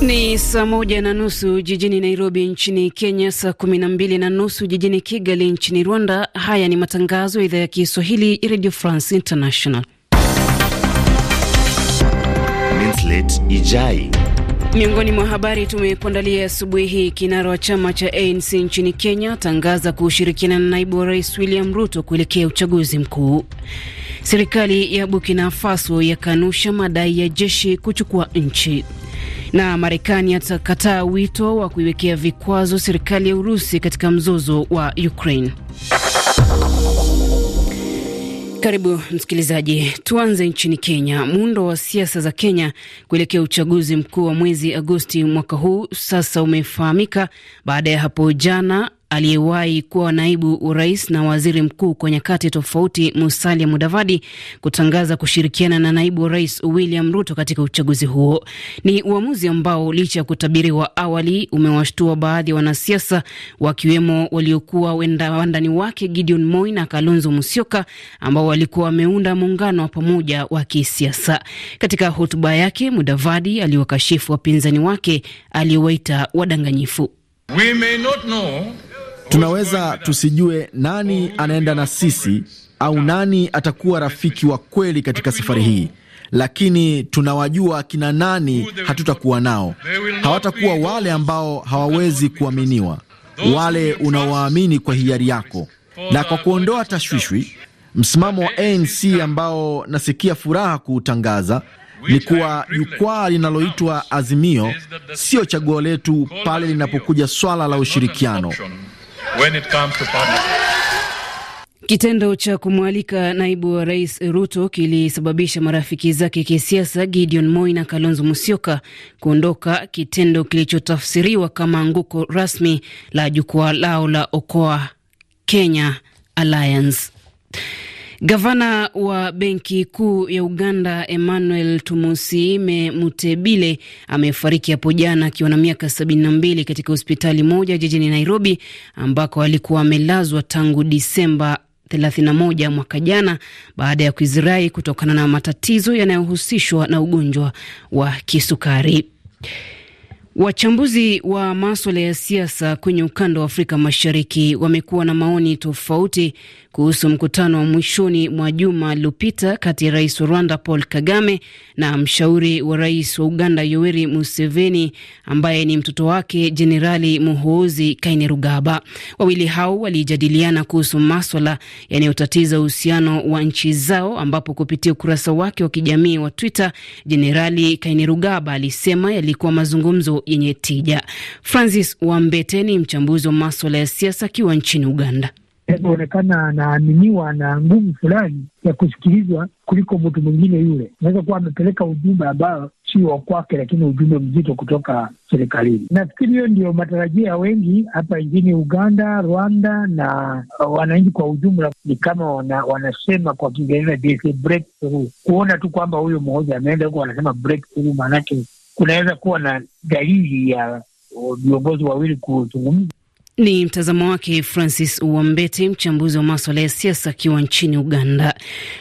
Ni saa moja na nusu jijini Nairobi nchini Kenya, saa kumi na mbili na nusu jijini Kigali nchini Rwanda. Haya ni matangazo ya idhaa ya Kiswahili ya Radio France International. Minslet Ijai Miongoni mwa habari tumekuandalia asubuhi hii: kinara wa chama cha ANC nchini Kenya tangaza kushirikiana na naibu wa rais William Ruto kuelekea uchaguzi mkuu. Serikali ya Burkina Faso yakanusha madai ya jeshi kuchukua nchi na Marekani atakataa wito wa kuiwekea vikwazo serikali ya Urusi katika mzozo wa Ukraine. Karibu msikilizaji, tuanze nchini Kenya. Muundo wa siasa za Kenya kuelekea uchaguzi mkuu wa mwezi Agosti mwaka huu sasa umefahamika baada ya hapo jana aliyewahi kuwa naibu urais na waziri mkuu kwa nyakati tofauti, Musalia Mudavadi kutangaza kushirikiana na naibu rais William Ruto katika uchaguzi huo. Ni uamuzi ambao licha ya kutabiriwa awali umewashtua baadhi ya wanasiasa, wakiwemo waliokuwa wandani wake Gideon Moi na Kalonzo Musyoka, ambao walikuwa wameunda muungano wa pamoja wa kisiasa. Katika hotuba yake, Mudavadi aliwakashifu wapinzani wake aliowaita wadanganyifu. We may not know Tunaweza tusijue nani anaenda na sisi au nani atakuwa rafiki wa kweli katika safari hii, lakini tunawajua kina nani hatutakuwa nao. Hawatakuwa wale ambao hawawezi kuaminiwa, wale unaowaamini kwa hiari yako. Na kwa kuondoa tashwishwi, msimamo wa ANC ambao nasikia furaha kuutangaza ni kuwa jukwaa linaloitwa Azimio sio chaguo letu pale linapokuja swala la ushirikiano when it comes to partnership. Kitendo cha kumwalika naibu wa rais Ruto kilisababisha marafiki zake kisiasa Gideon Moi na Kalonzo Musyoka kuondoka, kitendo kilichotafsiriwa kama anguko rasmi la jukwaa lao la Okoa Kenya Alliance. Gavana wa Benki Kuu ya Uganda Emmanuel Tumusiime Mutebile amefariki hapo jana akiwa na miaka mbili katika hospitali moja jijini Nairobi ambako alikuwa amelazwa tangu Disemba 31 mwaka jana baada ya kuizirai kutokana na matatizo yanayohusishwa na ugonjwa wa kisukari. Wachambuzi wa maswala ya siasa kwenye ukanda wa Afrika Mashariki wamekuwa na maoni tofauti kuhusu mkutano wa mwishoni mwa juma lilopita kati ya rais wa Rwanda Paul Kagame na mshauri wa rais wa Uganda Yoweri Museveni ambaye ni mtoto wake Jenerali Muhoozi Kainerugaba. Wawili hao walijadiliana kuhusu maswala yanayotatiza uhusiano wa nchi zao, ambapo kupitia ukurasa wake wa kijamii wa Twitter Jenerali Kainerugaba alisema yalikuwa mazungumzo yenye tija. Francis Wambete ni mchambuzi wa maswala ya siasa akiwa nchini Uganda yanaonekana anaaminiwa na nguvu fulani ya kusikilizwa kuliko mtu mwingine yule. Unaweza kuwa amepeleka ujumbe ambayo sio wa kwake, lakini ujumbe mzito kutoka serikalini. Nafikiri hiyo ndio matarajio ya wengi hapa nchini Uganda, Rwanda na wananchi kwa ujumla. Ni kama wana, wanasema kwa Kiingereza breakthrough, kuona tu kwamba huyo mmoja ameenda huko, wanasema breakthrough, maanake kunaweza kuwa na dalili ya viongozi wawili kuzungumza ni mtazamo wake Francis Wambete, mchambuzi wa maswala ya siasa akiwa nchini Uganda.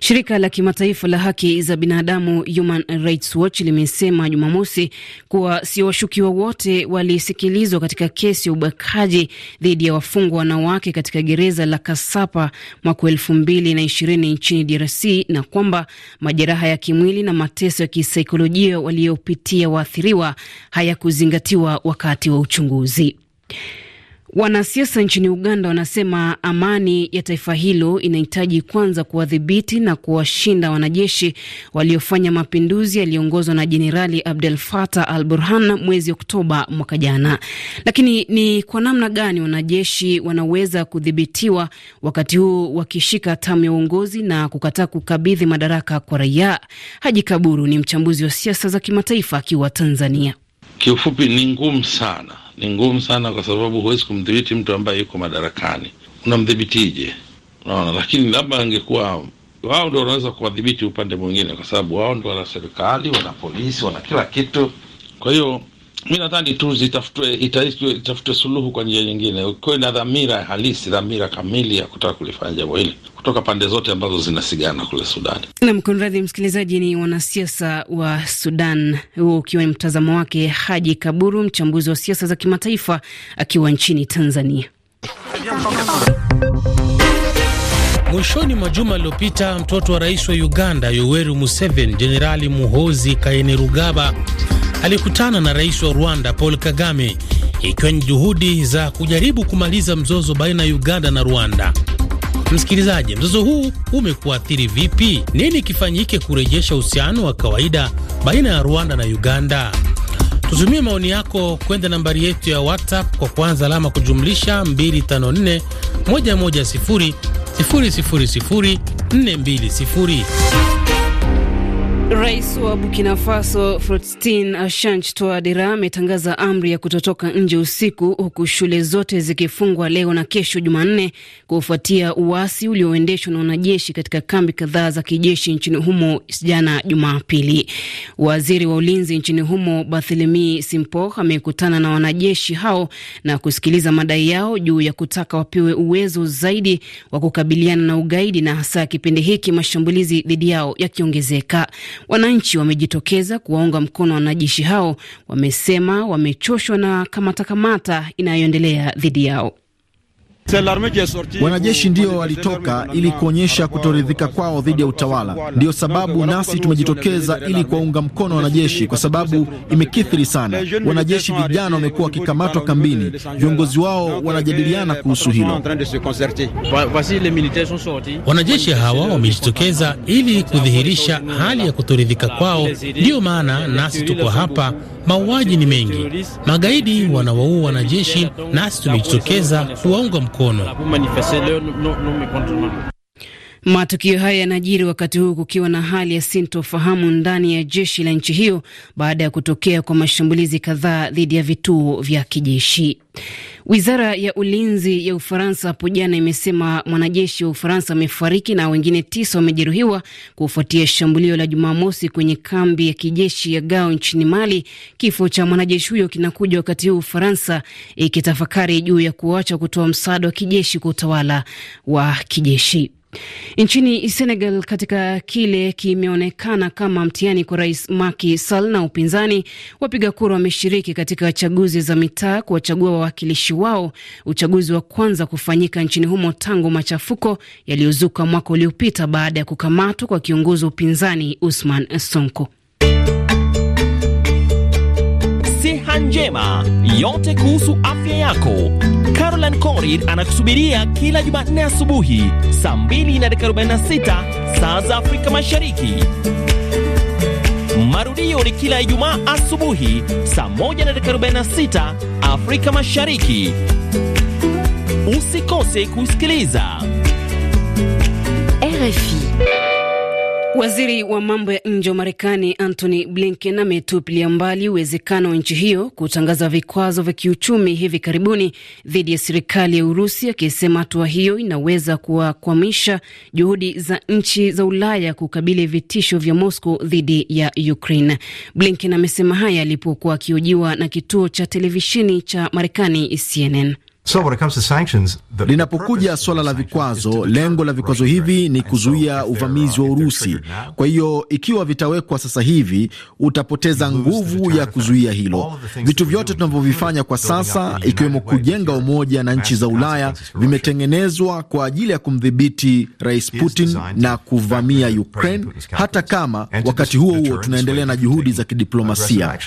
Shirika la kimataifa la haki za binadamu Human Rights Watch limesema Jumamosi kuwa sio washukiwa wote walisikilizwa katika kesi ya ubakaji dhidi ya wafungwa wanawake katika gereza la Kasapa mwaka elfu mbili na ishirini nchini DRC na kwamba majeraha ya kimwili na mateso ya kisaikolojia waliopitia waathiriwa hayakuzingatiwa wakati wa uchunguzi. Wanasiasa nchini Uganda wanasema amani ya taifa hilo inahitaji kwanza kuwadhibiti na kuwashinda wanajeshi waliofanya mapinduzi yaliyoongozwa na Jenerali Abdel Fattah al Burhan mwezi Oktoba mwaka jana. Lakini ni kwa namna gani wanajeshi wanaweza kudhibitiwa wakati huu wakishika hatamu ya uongozi na kukataa kukabidhi madaraka kwa raia? Haji Kaburu ni mchambuzi wa siasa za kimataifa akiwa Tanzania. Kiufupi ni ngumu sana ni ngumu sana, kwa sababu huwezi kumdhibiti mtu ambaye yuko madarakani. Unamdhibitije? Unaona, lakini labda angekuwa wao ndio wanaweza kuwadhibiti upande mwingine, kwa sababu wao ndio wana serikali, wana polisi, wana kila kitu. Kwa hiyo mi nadhani tu zitafute suluhu kwa njia nyingine, ukiwa na dhamira halisi, dhamira kamili ya kutaka kulifanya jambo hili kutoka pande zote ambazo zinasigana kule Sudani. Nam Konradhi, msikilizaji, ni wanasiasa wa Sudan, huo ukiwa ni mtazamo wake Haji Kaburu, mchambuzi wa siasa za kimataifa akiwa nchini Tanzania. Mwishoni mwa juma lililopita, mtoto wa rais wa Uganda Yoweri Museveni, Jenerali Muhozi Kainerugaba alikutana na rais wa Rwanda Paul Kagame, ikiwa ni juhudi za kujaribu kumaliza mzozo baina ya Uganda na Rwanda. Msikilizaji, mzozo huu umekuathiri vipi? Nini kifanyike kurejesha uhusiano wa kawaida baina ya Rwanda na Uganda? Tutumie maoni yako kwenda nambari yetu ya WhatsApp kwa kwanza alama kujumlisha 254 110 000 420. Rais wa Burkina Faso Faustin Archange Touadera ametangaza amri ya kutotoka nje usiku huku shule zote zikifungwa leo na kesho Jumanne kufuatia uasi ulioendeshwa na wanajeshi katika kambi kadhaa za kijeshi nchini humo jana Jumapili. Waziri wa ulinzi nchini humo Barthelemy simpo amekutana na wanajeshi hao na kusikiliza madai yao juu ya kutaka wapewe uwezo zaidi wa kukabiliana na ugaidi na hasa kipindi hiki mashambulizi dhidi yao yakiongezeka. Wananchi wamejitokeza kuwaunga mkono wanajeshi hao, wamesema wamechoshwa na kamatakamata inayoendelea dhidi yao. Wanajeshi ndio walitoka ili kuonyesha kutoridhika kwao dhidi ya utawala. Ndiyo sababu nasi tumejitokeza ili kuwaunga mkono wanajeshi, kwa sababu imekithiri sana. Wanajeshi vijana wamekuwa wakikamatwa kambini, viongozi wao wanajadiliana kuhusu hilo. Wanajeshi hawa wamejitokeza ili kudhihirisha hali ya kutoridhika kwao, ndiyo maana nasi tuko hapa. Mauaji ni mengi, magaidi wanawaua wanajeshi, nasi tumejitokeza kuwaunga mkono mkono. Matukio haya yanajiri wakati huu kukiwa na hali ya sintofahamu ndani ya jeshi la nchi hiyo baada ya kutokea kwa mashambulizi kadhaa dhidi ya vituo vya kijeshi. Wizara ya ulinzi ya Ufaransa hapo jana imesema mwanajeshi wa Ufaransa amefariki na wengine tisa wamejeruhiwa kufuatia shambulio la Jumamosi kwenye kambi ya kijeshi ya Gao nchini Mali. Kifo cha mwanajeshi huyo kinakuja wakati huu Ufaransa ikitafakari juu ya kuacha kutoa msaada wa kijeshi kwa utawala wa kijeshi. Nchini Senegal, katika kile kimeonekana kama mtihani kwa rais Macky Sall na upinzani, wapiga kura wameshiriki katika chaguzi za mitaa kuwachagua wawakilishi wao, uchaguzi wa kwanza kufanyika nchini humo tangu machafuko yaliyozuka mwaka uliopita baada ya kukamatwa kwa kiongozi wa upinzani Usman Sonko. Siha Njema, yote kuhusu afya yako. Caroline Corid anakusubiria kila Jumanne asubuhi saa 2 na dakika 46 saa za Afrika Mashariki. Marudio ni kila Ijumaa asubuhi saa 1 na dakika 46 Afrika Mashariki. Usikose kusikiliza RFI. Waziri wa mambo ya nje wa Marekani Antony Blinken ametupilia mbali uwezekano wa nchi hiyo kutangaza vikwazo vya kiuchumi hivi karibuni dhidi ya serikali ya Urusi, akisema hatua hiyo inaweza kuwakwamisha juhudi za nchi za Ulaya kukabili vitisho vya Moscow dhidi ya Ukraine. Blinken amesema haya alipokuwa akihojiwa na kituo cha televisheni cha Marekani CNN. So when it comes to sanctions, the linapokuja suala la vikwazo, lengo la vikwazo hivi ni kuzuia uvamizi wa Urusi. Kwa hiyo ikiwa vitawekwa sasa hivi, utapoteza nguvu ya kuzuia hilo. Vitu vyote tunavyovifanya kwa sasa, ikiwemo kujenga umoja na nchi za Ulaya, vimetengenezwa kwa ajili ya kumdhibiti Rais Putin na kuvamia Ukraine, hata kama wakati huo huo tunaendelea na juhudi za kidiplomasia.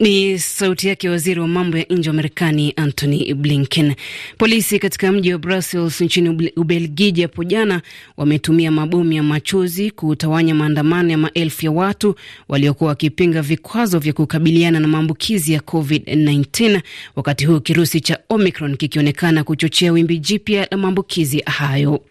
Ni sauti yake waziri wa mambo ya nje wa Marekani, Antony Blinken. Polisi katika mji wa Brussels nchini Ubelgiji hapo jana wametumia mabomu ya machozi kutawanya maandamano ya maelfu ya watu waliokuwa wakipinga vikwazo vya kukabiliana na maambukizi ya COVID-19, wakati huu kirusi cha Omicron kikionekana kuchochea wimbi jipya la maambukizi hayo.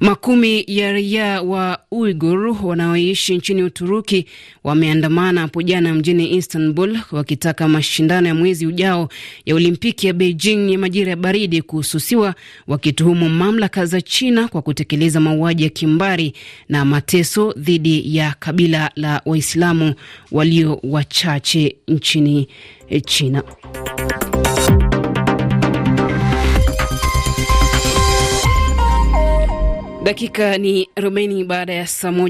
Makumi ya raia wa Uigur wanaoishi nchini Uturuki wameandamana hapo jana mjini Istanbul wakitaka mashindano ya mwezi ujao ya Olimpiki ya Beijing ya majira ya baridi kuhususiwa, wakituhumu mamlaka za China kwa kutekeleza mauaji ya kimbari na mateso dhidi ya kabila la Waislamu walio wachache nchini China. Dakika ni arobaini baada ya saa moja.